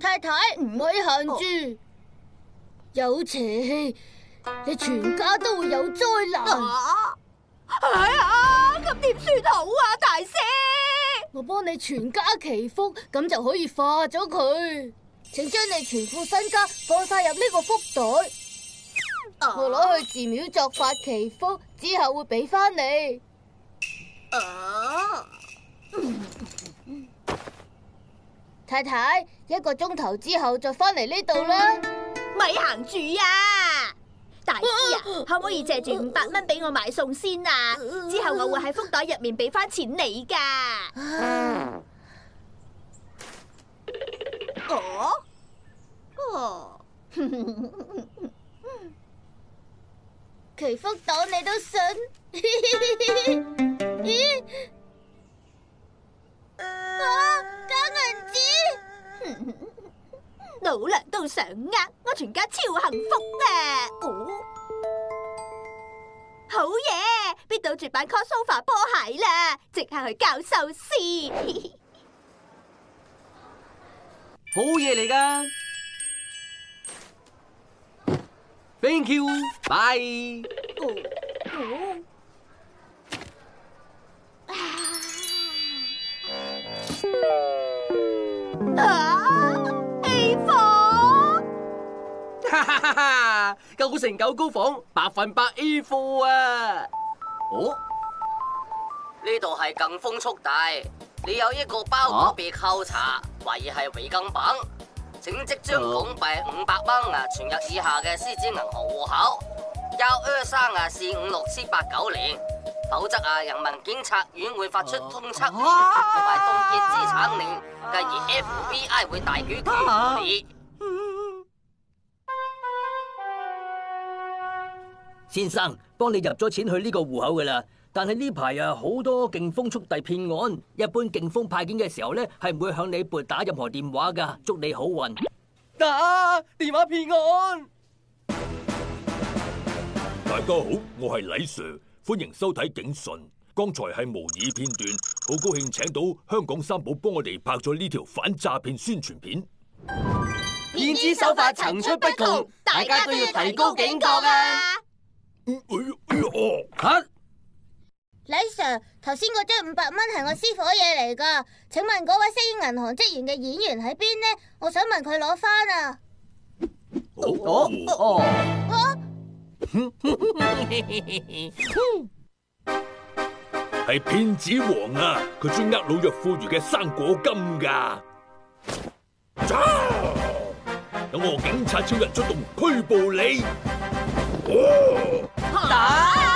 太太唔可以行住，有邪氣，你全家都會有災難。睇下咁點算好啊，大師！我幫你全家祈福，咁就可以化咗佢。請將你全副身家放晒入呢個福袋，我攞去寺廟作法祈福，之後會俾翻你。太太，一個鐘頭之後就翻嚟呢度啦，咪行住啊！大姨啊，可唔可以借住五百蚊俾我買餸先啊？之後我會喺福袋入面俾翻錢你噶。我，哦，祈福黨你都信？老梁都想呃，我全家超幸福啊！好嘢，別到住版 cosova 波鞋啦，即刻去教壽司。好嘢嚟噶，Thank you，bye。哈哈哈！九 成九高仿百分百 A 貨啊！哦，呢度係更風速遞，你有一個包裹被扣查，懷、啊、疑係違禁品，請即將港幣五百蚊啊存入以下嘅獅子銀行戶口。幺二三啊四五六七八九零，否則啊人民檢察院會發出通緝令同埋凍結資產令，繼而 FBI 會大舉取事。啊先生，幫你入咗錢去呢個戶口噶啦，但係呢排啊好多勁風速遞騙案，一般勁風派件嘅時候咧係唔會向你撥打任何電話噶，祝你好運。打電話騙案。大家好，我係李 Sir，歡迎收睇警訊。剛才係模擬片段，好高興請到香港三寶幫我哋拍咗呢條反詐騙宣傳片。騙子手法層出不窮，大家都要提高警覺啊！哎呀哎呀，吓！李 Sir，頭先嗰張五百蚊係我師傅嘢嚟噶，請問嗰位私營銀行職員嘅演員喺邊呢？我想問佢攞翻！啊！哦哦，係騙子王啊！佢專呃老弱婦孺嘅生果金噶，走！等我警察超人出動拘捕你。哦，打！